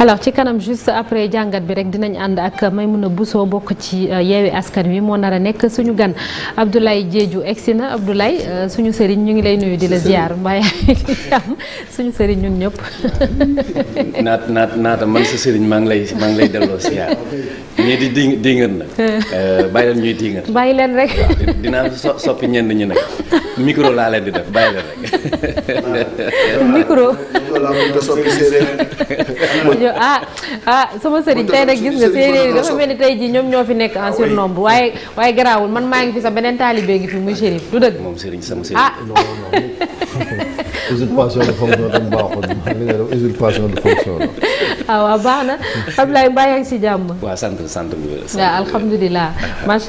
alors ci kanam juste après jàngat bi rek dinañ ànd ak may a busoo bokk ci euh, yeewi askan wi moo nar a nekk suñu gan Abdoulaye Diédhiou egsi na Abdoulaye euh, suñu sëriñ ñu ngi lay nuyu di la ziar mbaa am suñu sëriñ ñun ñëpp. naat naat naata man sa sëriñ maa ngi lay maa ngi delloo ziar ñii di di dingat nag euh, bàyyi leen ñuy dingat. bàyyi leen rek dinaa soppi ñenn ñi nag micro laa leen di def bàyyi leen rek. micro. rajo ah ah sama sëriñ tey nag gis nga séeréer dafa mel ni tey jii ñoom ñoo fi nekk en surnombre waaye waaye garaawul man maa ngi fi sa beneen taalibe ngi fi muy Chérif du dëgg moom sëriñ sama sëriñ ah usurpation de fonction tam baaxul li nga baax na Abdoulaye Mbaye yaa ngi si jàmm. waaw sant sant bu wér. sant alhamdulilah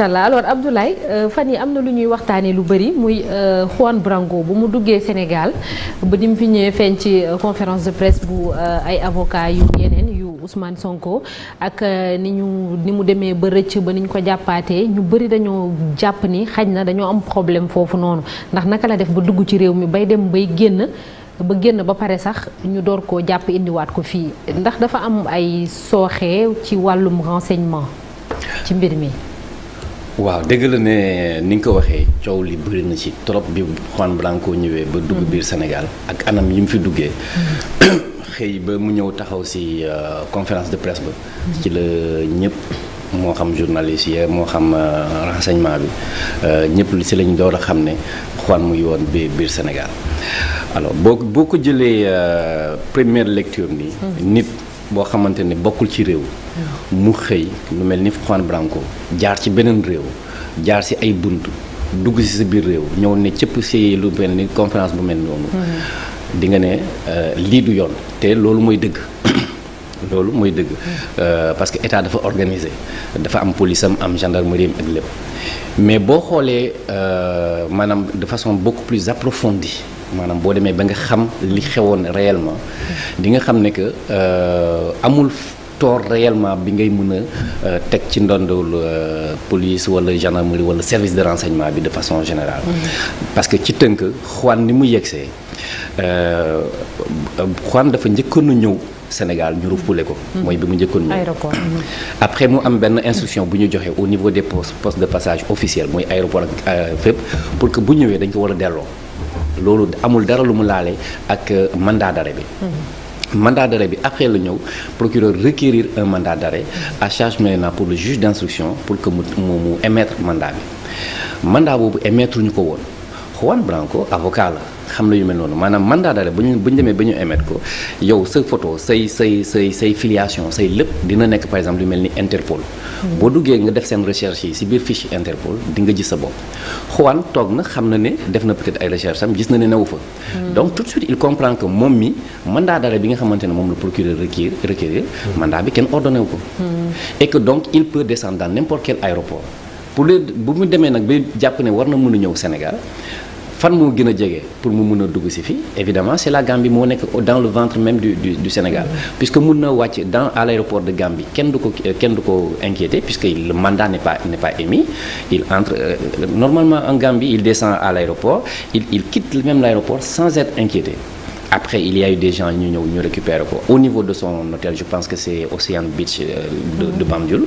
allah alors euh, fan yi am na lu ñuy waxtaanee lu bëri muy euh, Juan Branco bu mu duggee Sénégal ba ni mu fi ñëwee feeñ ci euh, conférence de presse bu ay avocat yu yeneen. Ousmane Sonko ak euh, ni ñu ni mu demee ba rëcc ba ni ñu ko jàppaatee ñu bëri dañoo jàpp ni xaj na dañoo am problème foofu noonu ndax naka la def ba dugg ci réew mi bay dem bay génn ba génn ba pare sax ñu door ko jàpp indiwaat ko fii ndax dafa am ay sooxee ci wàllum renseignement ci mbir mi. waaw dëgg la ne ni nga ko waxee coow li bëri na ci trop bi Juan Branco ñëwee ba dugg biir Sénégal ak anam yi mu fi duggee mm-hmm. xëy ba mu ñëw taxaw ci euh, conférence de presse ba mm-hmm. ci la ñëpp moo xam journaliste yi moo xam euh, renseignement bi euh, ñëpp li ci lañ door a xam ne Juan muy woon biir Sénégal alors boo boo ko jëlee première lecture nii mm-hmm. nit boo xamante ne bokkul ci réew mu xëy lu mel ni Juan Branco jaar ci beneen réew jaar si ay bunt dugg si sa biir réew ñëw ne cëpp si lu mel ni conférence bu mel noonu. Mm-hmm. di ne euh, lii du yoon te loolu mooy dëgg. mooy dëgg mm-hmm. euh, parce que état dafa organisé dafa am police am am gendarmerie ak lépp mais boo xoolee euh, maanaam de façon beaucoup plus approfondie maanaam boo demee ba nga xam li xewoon réellement mm-hmm. di nga xam ne que amul. tort réellement bi ngay mën a euh, teg ci ndondul euh, police wala gendarmerie wala service de renseignement bi de façon générale. Mm-hmm. parce que ci tënk Juan ni mu yegsee euh, Juan dafa njëkkoon a ñëw. Sénégal ñu ruppule ko. Mm-hmm. mooy bi mu njëkkoon aéroport mm-hmm. après mu am benn instruction bu ñu joxee au niveau des postes postes de passage officiel mooy aéroport ak fépp pour que bu ñëwee dañ ko war a delloo loolu amul dara lu mu laale ak mandat d'arrêt bi. mandat d'arrêt bi après la ñëw procureur requérir un mandat d'arrêt à charge maintenant pour le juge d'instruction pour que mu mu émettre mandaa bi mandat boobu émettre ñu ko woon Juan Branco avocat la xam na yu mel noonu maanaam mandat di nga gis sa bopp. Juan toog na xam na ne def na peut-être ay recherche am gis na ne newu fa. Hmm. donc tout suite il comprend que moom mi mandat d'arrêt bi nga xamante ne moom la procureur requérir requérir hmm. mandat bi kenn ordonné ko. Hmm. et donc il peut descendre dans n'importe quel aéroport. bu lee bu mu demee nag ba jàpp ne war na mën a ñëw Sénégal fan moo gën a jege pour mu mun a dugg si fii évidemment c'est la Gambie moo nekk dans le ventre même du Sénégal puisque mun na wàcc dans à l'aéroport de Gambie kenn du ko kenn du ko inquiété puisque le mandat n'est pas n'est pas émis il entre euh, normalement en Gambie il descend à l'aéroport il il quitte même l'aéroport sans être inquiété après il y a eu des gens ñu ñëw ñu récupérer au niveau de son hôtel je pense que c'est Ocean Beach euh, de, de Banjul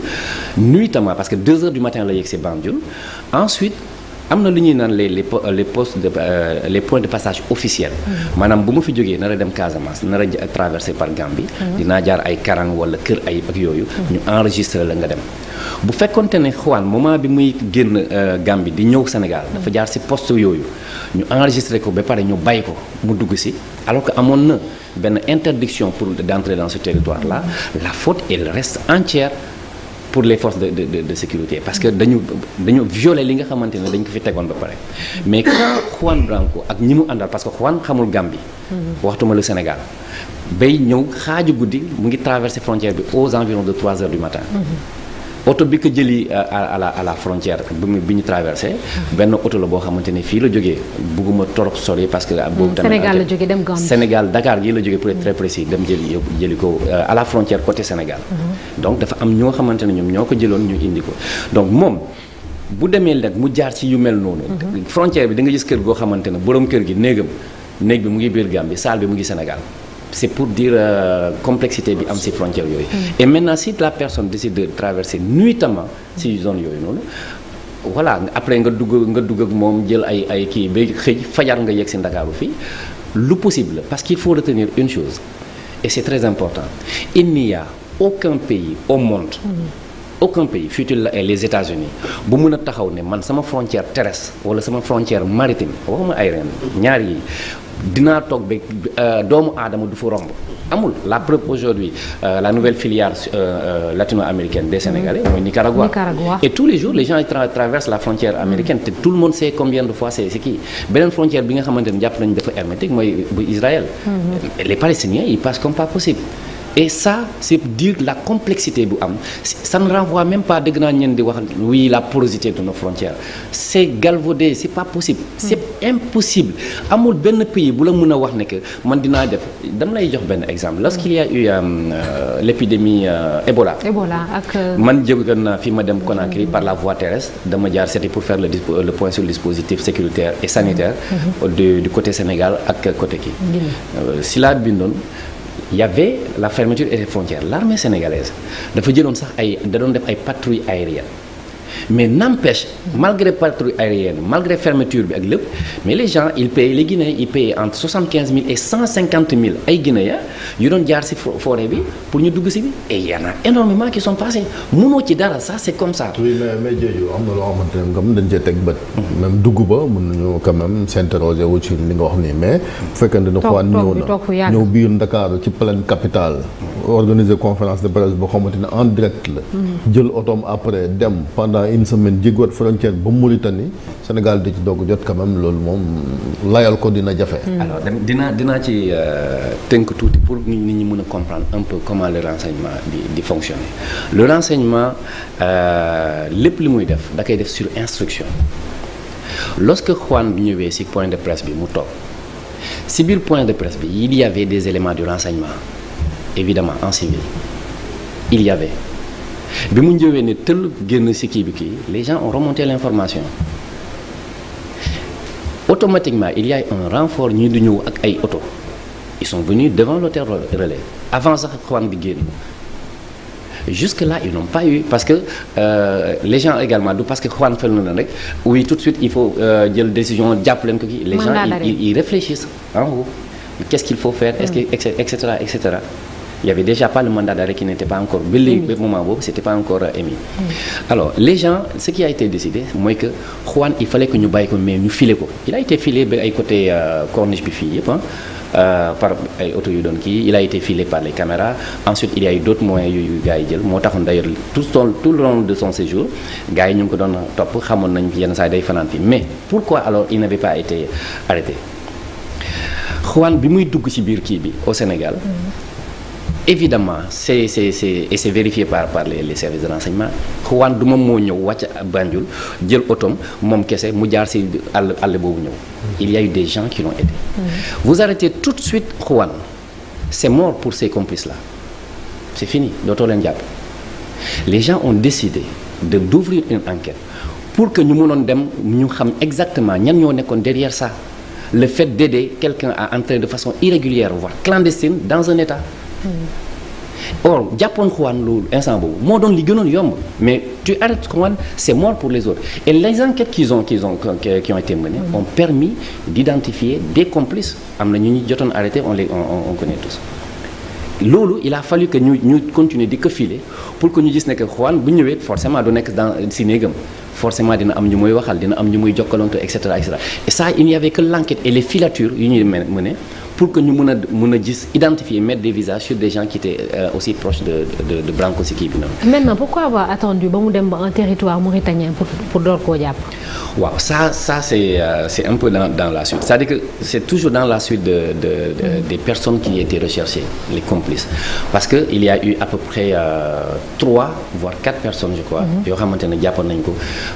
parce que 2 heures la yegg si Banjul ensuite am na lu ñuy naan les les euh, les postes de euh, les de passage officiels. Mm-hmm. maanaam bu ma fi jógee nara dem Casamance nara traversé par Gambie. Mm-hmm. dinaa jaar ay Karang wala Kër Ayib ak yooyu. Mm-hmm. ñu enregistré la nga dem. bu fekkonte ne xawaan moment bi muy génn euh, Gambie di ñëw Sénégal dafa jaar ci poste yooyu ñu enregistré ko ba pare ñu bàyyi ko mu dugg ci alors que amoon na benn interdiction pour d'entrer dans ce territoire là la faute elle reste entière pour les forces de de de, sécurité parce que dañu dañu violer li nga xamante ne dañ ko fi tegoon ba pare mais quand Juan Branco ak ñi mu àndal parce que Juan xamul Gambie. Mm-hmm. waxtuma lu Sénégal bay ñëw xaaju guddi mu ngi traversé frontière bi aux environs de 3 heures du matin. Mm-hmm. oto bi ko jëli euh, à la à la frontière bi ñu traversé benn oto la boo xamante ne fii la jógee bugguma torop sori parce que boobu hmm, tamit Sénégal la jógee dem Gambie Sénégal Dakar gii la jógee pour être hmm. très précis dem jëli ko euh, à la frontière côté Sénégal hmm. donc dafa am ñoo xamante ne ñoom ñoo ko jëloon ñu indi ko donc moom bu demee nag mu jaar ci yu mel noonu frontière bi da nga gis kër goo xamante ne borom kër gi néegam néeg bi mu ngi biir Gambie salle bi mu ngi Sénégal c'est pour dire euh, complexité bi am si frontière yooyu. Mm. et maintenant si la personne décide de traverser nuitamment ci zone yooyu noonu. voilà après nga dugg nga dugg ak moom jël ay ay kii ba xëy fajar nga yegg ci Ndakaaru fii lu possible parce qu'il faut retenir une chose et c'est très important il n'y aucun pays au monde. Mm. aucun pays la il les États-Unis bu mën a taxaw ne man sama frontière terrestre wala sama frontière maritime waxuma aérienne ñaar yi dinaa toog ba euh, doomu aadama du fa romb amul la preuve aujourd'hui euh, la nouvelle filière euh, latino-américaine des Sénégalais mhm. mooy Nicaragua. et tous les jours les gens ils traversent la frontière américaine mhm. te tout le monde sait combien de fois c'est kii beneen frontière bi nga xamante ne jàpp nañu dafa hermétique mooy bu Israël. Mhm. les Palestiniens ils passent comme pas possible. et ça c'est dire la complexité bu am san ne renvoie même pas dëgg naa ñeen di wax oui la porosité de nos frontières c'est galvaudé c'est pas possible hmm. c'est impossible amul benn pays bu la mën a wax ne que man dinaa def dama lay jox benn exemple hmm. lorsqu'il y a eu euh, l'épidémie euh, ak Ebola euh, man jógoon naa fi ma dem Conakry hmm. par la voie terrestre dama jaar c'était pour faire le, euh, le point sur le dispositif sécuritaire et sanitaire mm -hmm. du, côté Sénégal ak côté ki si laa bindoon il la fermeture des frontières l'armée sénégalaise dafa jëloon sax ay dadoon def ay patrouilles aériennes mais n'empêche malgré patrouille aérienne malgré fermeture bi ak lépp mais les gens ils payent les Guinéens ils entre 75 et 150 000 ay Guinéens yu doon jaar ci forêt bi pour ñu dugg ci bi et y en a énormément qui sont passés mënoo ci dara ça c'est comme ça. mais mais jooju am na loo xamante ne comme dañ cee teg bët. même dugg ba mën nañu quand même s'interroger nii mais. bu fekkee ne xawaan ñëw na ñëw biir Ndakaaru ci en direct la. Mm-hmm. jël otoom après dem à une semaine jéggiwaat frontière ba Mauritanie Sénégal di ci doog jot quand même loolu moom layal ko dina jafe. Hmm. alors dina dinaa ci euh, tënk tuuti pour nit ñi mën a comprendre un peu comment le renseignement di di fonctionner le renseignement euh, lépp li muy def da kay def sur instruction lorsque Juan ñëwee ci point de presse bi mu toog ci biir point de presse bi il y avait des éléments du renseignement évidemment en si il y bi mu ñëwee ne tëll génn si kii bi kii les gens ont remonté l'information automatiquement il y a un renfort ñii du ñëw ak ay oto ils sont venus devant l'hôtel relais avant sax Juan di génn jusque-là ils n'ont pas eu parce que euh, les gens également du parce que Juan fel na leen rek oui tout de suite il faut euh, jël décision jàpp len ko kii les gens ils, ils réfléchissent en haut qu'est-ce qu'il faut faire est-ce et cetera il y avait déjà pas le mandat d'arrêt qui n'était pas encore ba léegi ba moment boobu c'était pas encore euh, émis mm. alors les ce qui a été décidé mooy que Juan il fa que ñu bàyyi ko mais ñu filé ko il a été filé ba ay euh, fii yëpp Euh, par yu doon kii a été filé par les caméras ensuite il y a eu d'autres moyens yu gars yi jël moo taxoon d'ailleurs tout son tout le long de son séjour gars yi ñu ngi ko doon topp xamoon nañ yenn saa day fanaan fi mais pourquoi alors il n'avait pas été arrêté Juan bi muy dugg ci biir kii bi au Sénégal. Mm. évidemment c'est c'est vérifié par par les les services de renseignement Juan du moom moo ñëw wàcc Banjul jël otoom moom kese mu jaar ci àll àll boobu ñëw. il y a eu des gens qui l'ont aidé. Mm-hmm. vous arrêtez tout de suite Juan c'est mort pour ces complices là c'est fini dootoo leen jàpp. les gens ont décidé de d'ouvrir une enquête pour que ñu mënoon dem ñu xam exactement ñan ñoo nekkoon derrière ça le fait d'aider quelqu'un à entrer de façon irrégulière voire Hmm. or jàppoon Juan loolu instant boobu moo doon li gënoon yomb mais tu arrêtes Juan c'est mort pour les autres et les enquêtes qu'ils ont qu'ils ont qui ont été menées hmm. ont permis d'identifier des complices am na ñu ñu jotoon arrêté on les on connaît tous loolu il a fallu que ñu ñu continuer di ko filer pour que ñu gis ne que Juan bu ñëwee forcément du nekk dans si néegam forcément dina am ñu muy waxal dina am ñu muy jokkalante et cetera et cetera et ça il n'y avait que l'enquête et les filatures yu ñuy mener pour que ñu mën a mën a gis identifier mettre des visages sur des gens qui étaient euh, aussi proches de de de si kii bi noonu. maintenant pourquoi avoir attendu ba mu dem ba un territoire mauritanien pour pour door koo jàpp. waaw ça ça c'est euh, c'est un peu dans dans la suite cest toujours dans la suite de de, de mm-hmm. des personnes qui étaient recherchées les complices que il y euh, trois euh, voire quatre personnes mm-hmm. yoo xamante ne jàppoon nañ ko.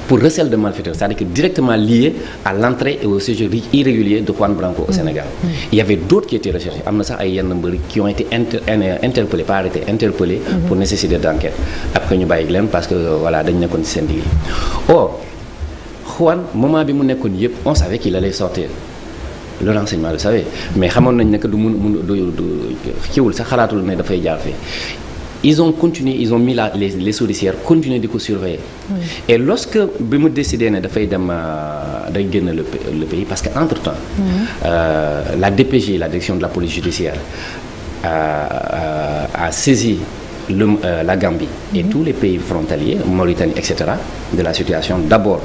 pour recel de malfaiteurs, c'est-à-dire directement lié à l'entrée et au séjour irrégulier de Juan Branco au mm. Sénégal. Mmh. Il y avait d'autres qui étaient am na sax ay yenn mbër qui ont été inter interpellés pas arrêtés mm-hmm. pour nécessité d'enquête après ñu bàyyi leen parce que euh, voilà dañ nekkoon seen liggéey. or Juan moment bi mu nekkoon yëpp on savait qu'il allait sortir. le renseignement le savait mais xamoon nañ ne que du mun mun du du sax xalaatul ne dafay ils ont continué ils ont mis la les les souricières continué di ko surveiller. et lorsque bi mu décidé ne dafay dem euh, day génn le pays parce que entre temps. Euh, la DPG la direction de la police judiciaire a, euh, a, a saisi. le, euh, la Gambie et mm -hmm. tous les pays frontaliers, Mauritanie, etc., de la situation d'abord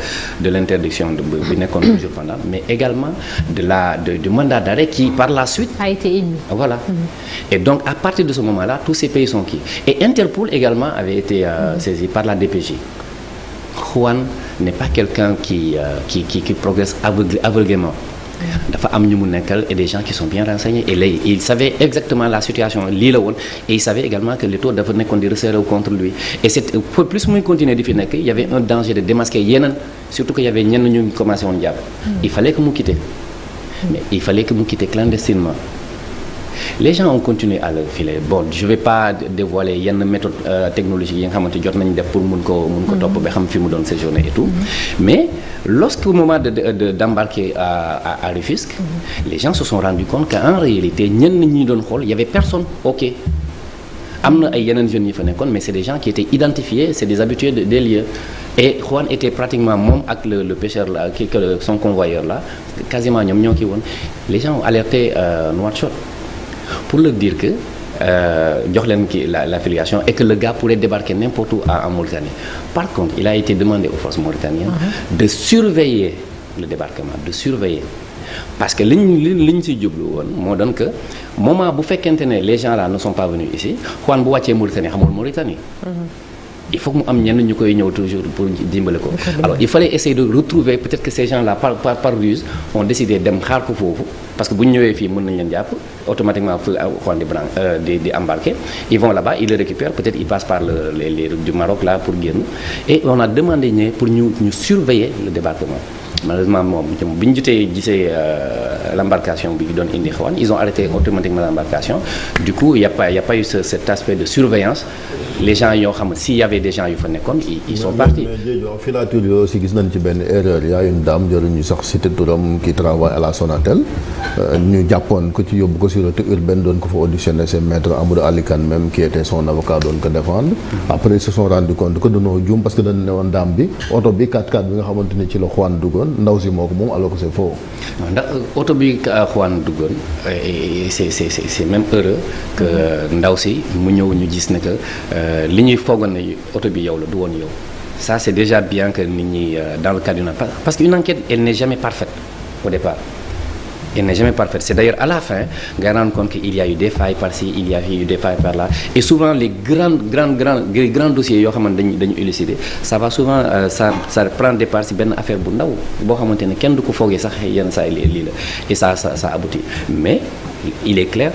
de l'interdiction de nekkoon toujours pendant mais également de la de, du mandat d'arrêt qui par la suite a été émis. Voilà. Mhm. Et donc à partir de ce moment-là, tous ces pays sont qui Et Interpol également avait été euh, mhm. par la DPJ. Juan n'est pas quelqu'un qui, euh, qui qui qui progresse aveugle, dafa am ñu mu nekkal et des gens qui sont bien renseignés et léegi il savait exactement la situation lii la woon et il savait également que les taux dafa nekkoon di resserré contre lui et c'est plus muy continuer di fi nekk y un danger de démasquer yeneen surtout que y avait ñenn ñu commencé woon jàpp hmm. il fallait que mu quitte mais il fallait que mu quitte clandestinement les gens ont continué à le filer bon je vais pas dévoiler yenn méthode euh, technologique yi nga xamante jot nañ def pour mun ko mun ko topp ba mhm. xam fi mu doon séjourné et tout mhm. mais lorsque au moment de de d'embarquer à à Rufisque mhm. les gens se sont rendus compte qu'en réalité ñenn ñi doon xool y avait personne ok am na ay yeneen jeunes yi fa nekkoon mais c'est des gens qui étaient identifiés c'est des habitués des lieux et Juan était pratiquement moom ak le le pêcheur ñoom ñoo kii woon les gens ont euh, pour leur dire que euh, jox leen kii la la filiation et que le gars pourrait débarquer n'importe en Mauritanie par contre il a été demandé aux forces mauritaniennes mmh. de surveiller le débarquement de surveiller parce que liñ li li ñu si jublu woon moo doon que moment bu fekkente ne les gens là ne sont pas venus ici Juan bu wàccee Mauritanie xamul Mauritanie. Mm-hmm. il faut que mu am ñenn ñu koy ñëw toujours pour dimbale ko alors il fallait essayer de retrouver peut-être que ces gens là par par par ruse décidé dem xaar ko foofu parce que bu ñu ñëwee fii mën nañ leen jàpp automatiquement fu xool di bran di di embarquer ils vont là-bas ils le récupèrent peut-être ils passent par le les du Maroc là pour génn et on a demandé ñe pour ñu ñu surveiller le débarquement malheureusement moom itam ñu jotee gisee euh, l'embarcation bi doon indi xawan ils ont arrêté automatiquement l'embarcation du coup il y les gens yoo xam ne s'il y des gens yu fa nekkoon ils sont partis. filature yooyu aussi gis nañ ci benn erreur y a une dame sax cité turam qui travaille à euh, ñu jàppoon ko ci yóbbu ko sûreté urbaine doon ko fa auditionné c'est maître Amadou Ali Kane même qui son avocat doon ko défendre. après ils se sont rendu compte que dañoo juum ne woon dame bi oto bi 4 x bi nga xamante ni ci la Juan duggoon ndaw si moo ko moom alors que euh, ndaw si Euh, li ñuy foogoon ne oto bi yow la du woon yow ça c'est déjà bien que nit ñi euh, dans le cadre d'une parce que une enquête elle n'est jamais parfaite au départ elle n'est jamais parfaite c'est d'ailleurs à la fin nga rendre compte que il y a eu des failles par-ci il y a eu des par-là et souvent les grandes grandes grandes les grands dossiers yoo xamante dañu dañu élucider va souvent euh, ça prend départ ci benn affaire bu ndaw boo xamante ni kenn du ko foogee sax yenn saa yi lii la et ça ça ça aboutit mais il est clair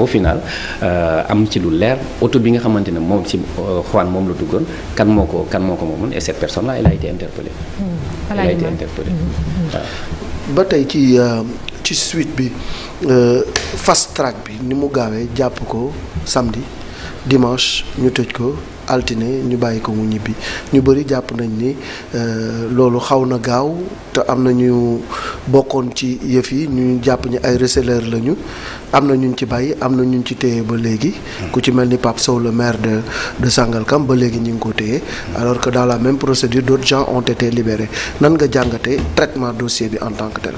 au final euh, am ci lu leer auto bi nga xamante ne moom ci euh, Juan moom la duggoon kan moo ko kan moo ko moomoon et cette personne là elle a été interpellée. Hmm. elle a été interpellée waaw. Hmm, hmm, ba tey ci euh, ci suite bi fast track bi ni mu gaawee jàpp ko samedi dimanche ñu tëj ko. altine ñu bàyyi ko mu ñibbi ñu bëri jàpp nañ ni euh, loolu xaw na gaaw te am na ñu bokkoon ci yëf yi ñu jàpp ni ay receleurs lañu am na ñu ci bàyyi am na ñun ci téye ba léegi. ku ci mel ni Pape Sow le maire de Sangalkam ba léegi ñu ngi ko téye alors que dans la même procédure d' autres gens ont été nan nga jàngatee traitement dossier bi en tant que tel.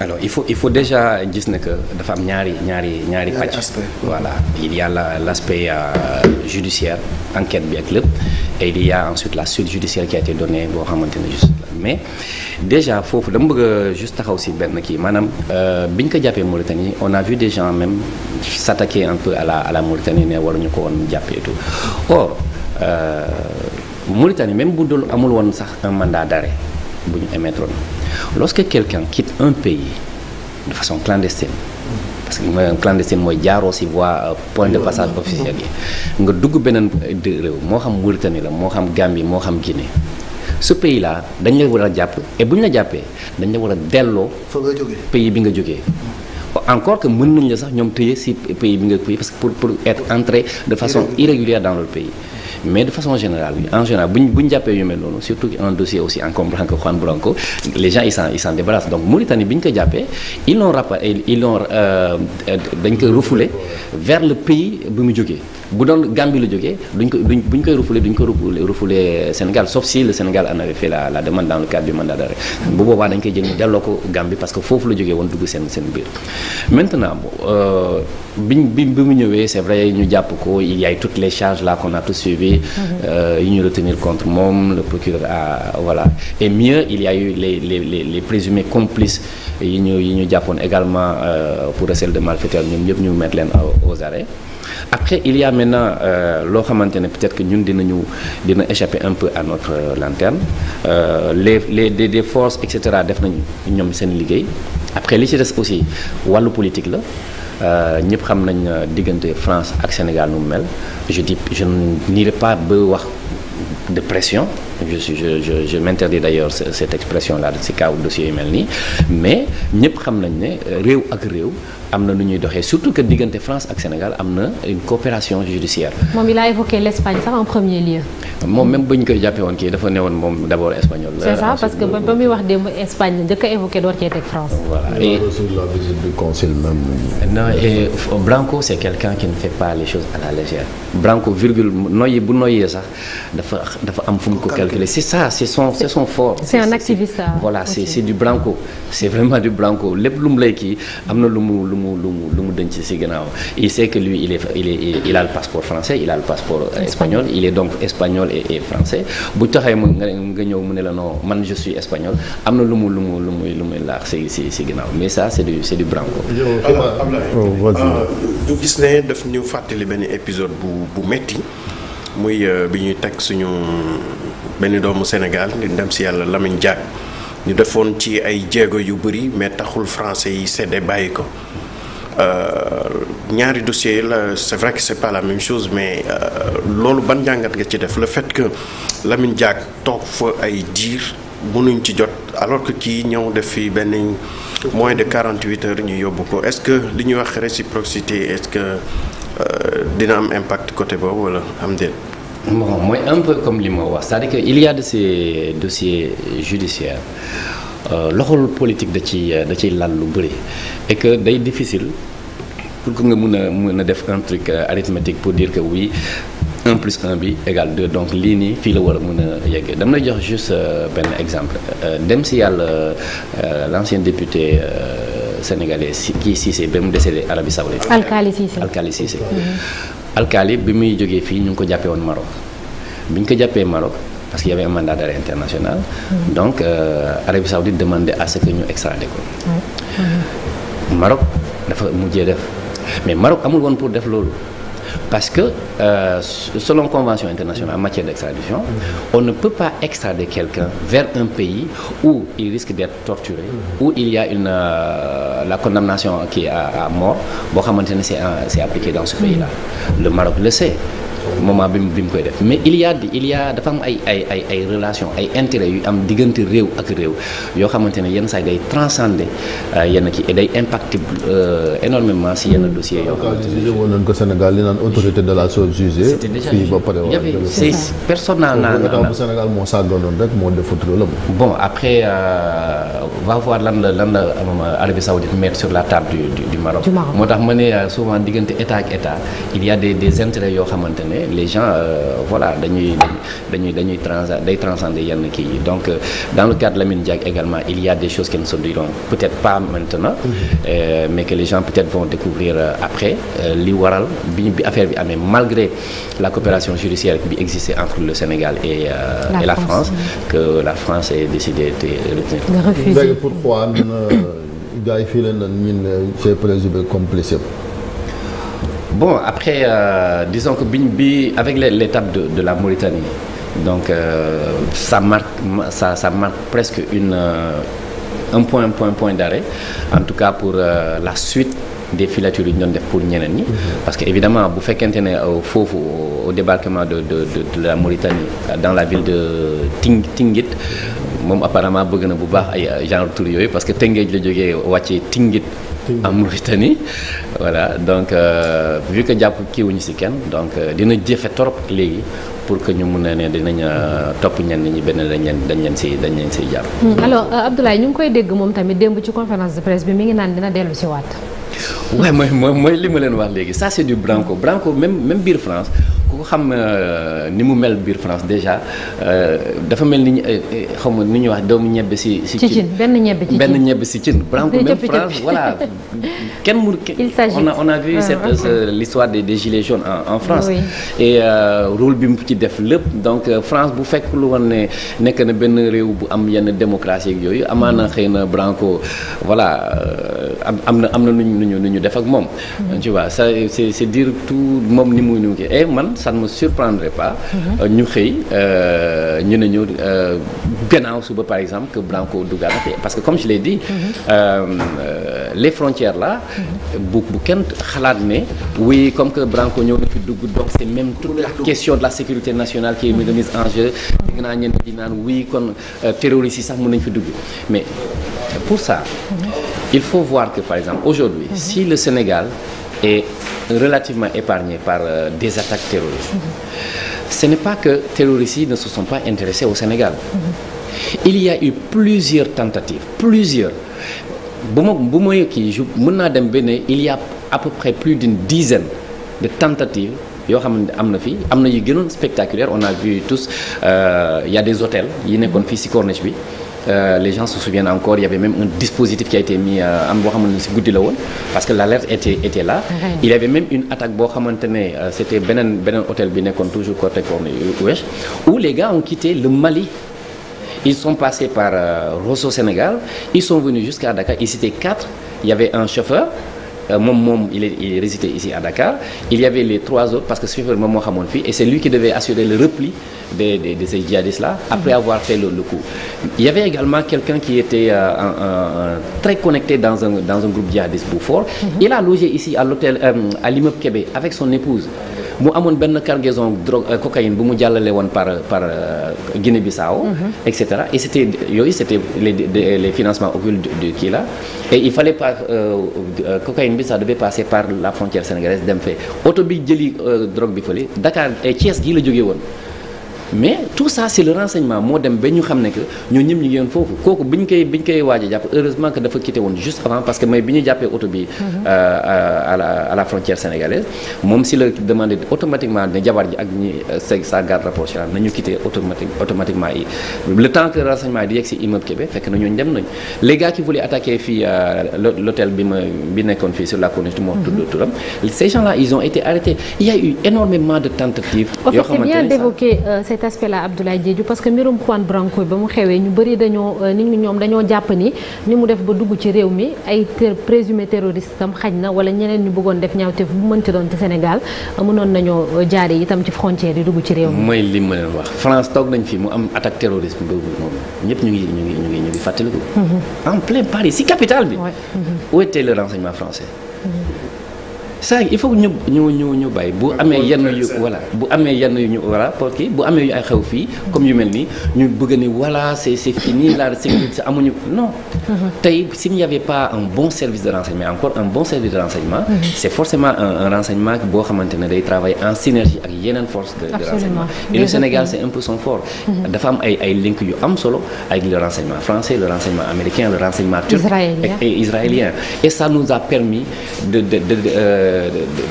alors il faut il faut déjà gis na que dafa am ñaari ñaari ñaari pàcc voilà il y a la l' aspect euh, judiciaire enquête bi ak lépp et il y a ensuite la suite judiciaire qui a été boo xamante ne juste mais déjà foofu dama bëgg a juste taxaw si benn kii maanaam euh, bi ñu ko jàppee Mauritanie on a vu des gens même s'attaquer un peu àlla la à la Mauritanie ne waruñu ko woon jàppee tout or euh, Mauritanie même bu dul amul woon sax man mandat dare bu ñu émettroon lorsque quelqu'un quitte un pays de façon clandestine parce que mooy clandestine mooy jaaroo si voie euh, point de passage officiel yi nga dugg beneen réew moo xam Mauritanie la moo xam Gambie moo xam Guinée ce pays là dañ la war a jàpp et bu ñu la jàppee dañ la war a delloo pays bi nga jógee encore que mën nañ la sax ñoom tëye si pays bi nga pays parce que pour pour être entré de façon irrégulière dans le pays mais de façon général en général bu ñu bu ñu jàppee yu mel noonu surtout un dossier aussi encombrant que Juan Branco les gens ils s'en ils s'en débarrassent donc Mauritanie bi ñu ko jàppee ils l'ont rappelé ils l'ont euh, dañ ko refoulé vers le pays bi mu jógee bu doon Gambie la jógee duñ ko duñ buñ koy refoulé duñ ko refoulé Sénégal sauf si le Sénégal en avait fait la la demande dans le cadre du mandat bu boobaa dañ koy jël ñu delloo ko Gambie parce que foofu la jógee woon dugg seen seen biir maintenant euh, bi bi mu ñëwee c'est vrai ñu jàpp ko il y toutes les charges là qu'on a tous suivi mm-hmm. euh, yi ñu retenir contre moom le procureur a voilà et mieux il y a eu les les les les présumés complices yi ñu yi ñu jàppoon également euh, pour recel de malfaiteurs ñoom ñëpp ñu mettre leen aux arrêts après il y a maintenant euh, loo xamante ne peut-être que ñun dinañu dina échapper un peu à notre euh, lanterne euh, les les des forces et cetera def nañ ñoom seen liggéey après li ci des aussi wàllu politique la. ñëpp xam nañ diggante France ak Sénégal nu mu mel je dis je pas ba wax de pression je je je je m'interdis d'ailleurs cette expression là ci kaw dossier yu mel nii mais ñëpp xam nañ ne réew ak réew. am na lu ñuy doxee surtout que diggante France ak Sénégal am na une coopération judiciaire. moom il a évoqué l'Espagne sax en premier lieu. moom même bu ñu koy jàppee woon ki dafa ne woon moom d'abord espagnol. c'est ça parce que ba muy wax démb Espagne njëkk a évoqué door cee teg France. voilà et sur virgule noyyi bu noyyee sax dafa dafa am fu mu ko calculer c'est ça c'est son c'est son fort. c'est un activiste voilà c'est c'est du Blanco c'est vraiment du Blanco lépp lu mu lay kii am na lu mu lu mu lu mu denc ci ginnaaw il sait que lui il est il est il a le le passeport euh, espagnol il bu taxee mu nga nga ñëw mu ne la non man je suis espagnol am na lu mu lu mu muy lu muy si si ginnaaw mais ça c'est du c'est du branco. Oh, euh, du gis ne daf ñu fàttali benn épisode bu bu metti muy euh, bi ñuy teg suñu benn doomu Sénégal di dem si yàlla Lamine Diack ñu defoon ci ay jéego yu bëri mais taxul français yi séddee bàyyi ko. Euh, ñaari dossiers yi la c'est vrai que c'est pas la même chose mais euh, loolu ban jàngat nga ci def le fait que Lamine Diack toog fa ay diir mënuñ ci jot alors que kii ñëw def fi benn moins de 48 heures ñu yóbbu ko est-ce que li ñuy wax réciprocité est-ce que euh, dina am impact côté boobu wala am déet. bon mooy un peu comme li moo wax cest à que il y a de ces dossiers judiciaires. Euh, loxol politique da ci da ciy lal lu bëri et que day difficile pour que nga mun a mun a def un truc euh, arithmétique pour dire que oui en plus 1 bi égale 2 donc lii nii fii la war a mën a yeggee dama jox juste euh, benn exemple dem si yàlla l'ancien député sénégalais kii Cissé ba mu décédé Arabie Saoudite Alkali Cissé Alkali Cissé mhm. Alkali bi muy jógee fii ñu ngi ko jàppee woon Maroc bi ñu ko jàppee Maroc parce qu'il y avait un mandat d'arrêt international. Mm-hmm. Donc euh, Arabie Saoudite demandait à ce que ñu extradé ko. Mm-hmm. Maroc dafa mujjee def mais Maroc amul woon pour def loolu. parce que euh, selon convention internationale en matière d'extradition mm-hmm. on ne peut pas extrader quelqu'un vers un pays où il risque d'être torturé où il y a une euh, la condamnation qui est à, mort boo xamante ne c'est appliqué dans ce pays-là le Maroc le moment bi mu bi mu koy def mais il y a il y dafa am ay ay relation ay intérêts yu am diggante réew ak réew yoo xamante ne yenn saa day transcender euh, yenn kii et day impacté euh, énormément si yenn dossiers yoo xamante ne woon de la chose jugée fii ba pare c'est personnel naa état bu Sénégal moo sàgganoon rek moo defut la euh, la lan la la table du du souvent diggante état ak état il y a des des yoo xamante ne mais les gens euh, voilà dañuy dañuy dañuy trans day transcender yenn kii yi donc euh, dans le cas de Lamine Diack également il y a des choses qui ne se peut-être pas maintenant mm-hmm. euh, mais que les gens peut-être vont découvrir euh, après li waral bi affaire bi malgré la coopération judiciaire bi existait entre le Sénégal et, la, France, que la France ait décidé de retenir pourquoi gars yi fii la nan ñun c'est présumé complice Bon, après, euh, disons que Binbi, avec l'étape de, de, la Mauritanie, donc euh, ça, marque, ça, ça, marque presque une, euh, un point, un point, un point d'arrêt, en tout cas pour euh, la suite de filatures yu ñu doon def pour ñeneen ñi. Mm-hmm. parce que évidemment bu fekkente ne euh, foofu au débarquement de de de la Mauritanie euh, dans la ville de Ting Tingit moom apparemment bëgg na bu baax ay genre tur yooyu parce que te Tëngéej la jógee wàccee Tingit. en Mauritanie voilà donc euh, vu que jàpp kii wuñu si kenn donc euh, dina jëfe trop léegi pour que ñu mun a ne dinañ euh, topp ñenn ñi benn dañ leen dañ leen si dañ leen siy jàpp. Hmm. alors Abdoulaye ñu ngi koy dégg moom tamit démb ci conférence de bi mi ngi naan dina dellu si waat. waaye mooy mooy li ma leen wax léegi ça c'est du branco branco même même biir France. ku ko xam euh, ni mu mel biir France déjà euh, dafa mel ni euh, xaw ma ni ñuy wax doomu ñebbe si. si cin benn ñebbe ci cin benn ñebbe si cin. même France voilà kenn mu. il s'agit on a on a vu ah, cette okay. l'histoire des des gilets jaunes en en France. Oui. et rôle bi mu ci def lépp donc France bu fekk lu woon ne nekk na benn réew bu am yenn démocratie ak yooyu amaana mm-hmm. xëy na Branco voilà am na am na nu ñu nu ñu def ak moom. Mm-hmm. tu vois ça c'est c'est dire tout moom ni mu nu mu et man. ça ne me surprendrait pas. ñu xëy euh, ñu ne ñu euh, gannaaw suba par exemple que Branco dugal na parce que comme je l'ai dit. Mhm. Euh, les frontières la bu bu kenn xalaat ne. oui comme que Branco ñëw na fi dugg donc c'est même toute la question de la sécurité nationale qui est mise en jeu. dégg naa ñenn di naan oui kon terroristes yi sax mën nañ fi dugg mais pour ça. Mhm. il faut voir que par exemple aujourd'hui mhm. si le Sénégal. est relativement épargné par euh, des attaques terroristes. Mm -hmm. Ce n'est pas que terroristes yi ne se sont pas intéressés au Sénégal. Mm -hmm. Il y a eu plusieurs tentatives, plusieurs. bu ma bu ma kii je mën naa dem ba ne il y a à peu près plus d'une dizaine de tentatives yoo xam ne am na fi am na yu gënoon spectaculaire on a vu tous euh, il y a des hôtels yi nekkoon fii si corniche bi. Euh, les gens se souviennent encore il y avait même un dispositif qui a été mis euh, am boo xamante ne si guddi la woon parce que l'alerte était là il y avait même une attaque boo xamante ne euh, c'était beneen beneen hôtel bi nekkoon toujours côté Corne Ouest où les gars ont quitté le Mali ils sont passés par euh, Rosso Sénégal ils sont venus jusqu'à Dakar ils étaient quatre il y avait un chauffeur Euh, moom moom il est il résidait ici à Dakar il y avait les trois autres parce que Schaeffer moom moo xamoon fii et c'est lui qui devait assurer le repli de de de ces djihadistes là après mhm. avoir fait le, le coup il y avait également quelqu'un qui était euh, un, un, très connecté dans un dans un groupe djihadiste bu fort mhm. il a logé ici à l'hôtel euh, à l'immeuble Kébé avec son épouse mu amoon benn cargaison drogue euh, cocaïne bu mu jàllale woon par par euh, Guinée Bissau mhm. et cetera et c'était yooyu c'était les les financements occultes du kii la et il fallait pas euh, cocaïne bi ça devait passer par la frontière sénégalaise dem fee oto bi jëli drogue bi fële Dakar Thiès gii la jógee woon mais tout ça c'est le renseignement moo dem ba ñu xam ne que ñoo ñëpp ñu yoon foofu kooku bi ñu koy bi jàpp heureusement que dafa quitté woon juste avant parce que mooy bi ñu jàppee oto bi. Mhm. Euh, euh, à la frontière sénégalaise moom si la demandé automatiquement ne jabar ji ak ñi euh, sa garde rapprochée nañu quitté automatique automatiquement yi le temps renseignement yi di yegg si immeuble fekk na ñooñu dem nañu les gars qui attaquer fii l'hôtel bi ma bi nekkoon fii sur la corniche cet aspect là Abdoulaye Diédhiou parce que mbirum Juan Branco ba mu xewee ñu bëri dañoo euh, nit ñi ñoom dañoo jàppani ni mu def ba dugg ci réew mi ay présumé terroriste tam xaj na wala ñeneen ñu bëggoon def ñaawteef bu mën ci doon ci Sénégal mënoon nañoo euh, jaare itam ci frontière yi dugg ci réew mi. mooy li ma leen wax France toog nañ fi mu am attaque terroriste boobu moom ñëpp ñu ngi ñu ngi ñu ngi ñu ngi fàttaliku. Mhm. en plein Paris si capitale bi. où était le renseignement français. saa il faut ñu ñu ñu ñu bàyyi bu amee yenn yu voilà bu amee yenn yu ñu voilà parce que bu amee yu ay xew fii comme yu mel nii ñu bëgg ni voilà c'est c'est fini la sécurité amuñu non tey s'il n'y avait pas un bon service de renseignement encore un bon service de renseignement mhm. c'est forcément un, un renseignement boo xamante ne day travailler en synergie ak yeneen force de, renseignement et le Sénégal c'est un peu son fort mhm. dafa am ay link yu am solo avec le renseignement français le a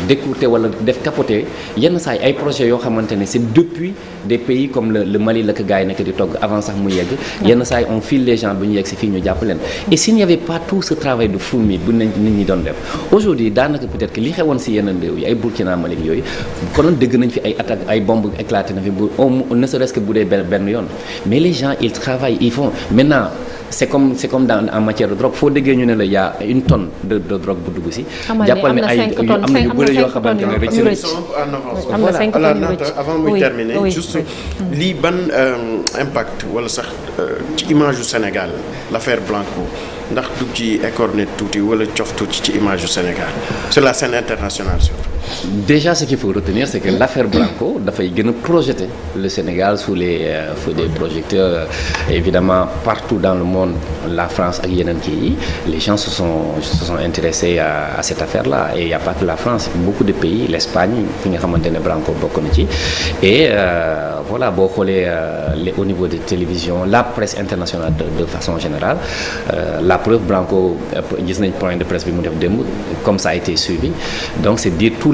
décourté wala def capoté yenn saa ay projets yoo xamante ne c'est depuis des pays comme le Mali la ko nekk di togg avant sax mu yegg yenn saa on file les gens ñu yegg si fii ñu jàpp et s'il n'y avait pas tout ce travail de fourmi bu nit ñi doon def aujourd'hui daanaka peut-être que li xewoon si yeneen réew yi ay Burkina Mali yooyu konoon dëgg nañ fi ay attaque ay bombe éclaté na fi bu ne serait-ce bu dee benn yoon mais les gens ils c'est comme c'est comme dans en matière de drogue foo déggee ñu ne la y a une tonne de de drogue bu dugg si. Ah, jàppal ne am na yu bëri yoo xamante ne rek. en avance voilà alors avant muy terminer juste lii ban euh, impact wala sax euh, ci image yu Sénégal l'affaire Blanco ndax dugg ci écore écorné tuuti wala cof tuuti ci image yu Sénégal sur la scène internationale déjà ce qu'il faut retenir c'est que l'affaire Branco dafay gën a projeter le Sénégal sous les euh, des projecteurs euh, évidemment partout dans le monde la France ak yeneen kii yi les gens se sont se sont intéressés à, cette affaire là il y a pas que la France beaucoup de pays l'Espagne fi nga xamante ne Branco bokk na ci et euh, voilà boo xoolee euh, les au niveau des télévisions la presse internationale de, de façon générale euh, la preuve Branco euh, gis nañ point de presse bi mu def démb comme ça a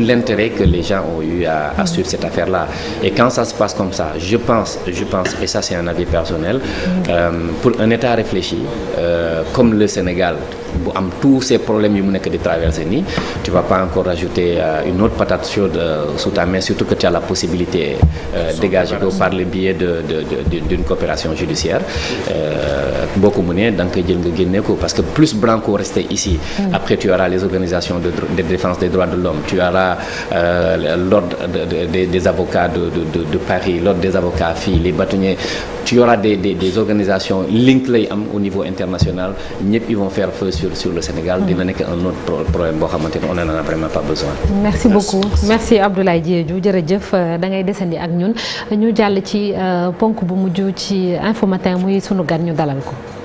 l'intérêt que les gens ont eu à, à suivre cette affaire-là. Et quand ça se passe comme ça, je pense, je pense, et ça c'est un avis personnel, euh, pour un État réfléchi, euh, comme le Sénégal, bu am tous ces problèmes yu mu nekk di traverser nii tu vas pas encore ajouter euh, une autre patate chaude euh, sous surtout que tu as la possibilité euh, dégager ko par le biais de d'une coopération judiciaire boo ko mënee da nga koy jël nga génne ko parce que plus Branco restait ici mm. après tu auras les organisations de défense des droits de l'homme tu auras l'ordre des avocats de de de Paris l'ordre des avocats fii les bâtonniers ci auras des des organisations link lay am au niveau international ñëpp ils vont faire feu sur sur le Sénégal. Mm. dina nekk un autre problème boo xamante ni on en a vraiment pas besoin. merci beaucoup merci Abdoulaye Diédhiou jërëjëf euh, da dangay desandi ak ñun ñu jàll ci euh, ponk bu mujj ci informatin muy sunu gan ñu dalal ko.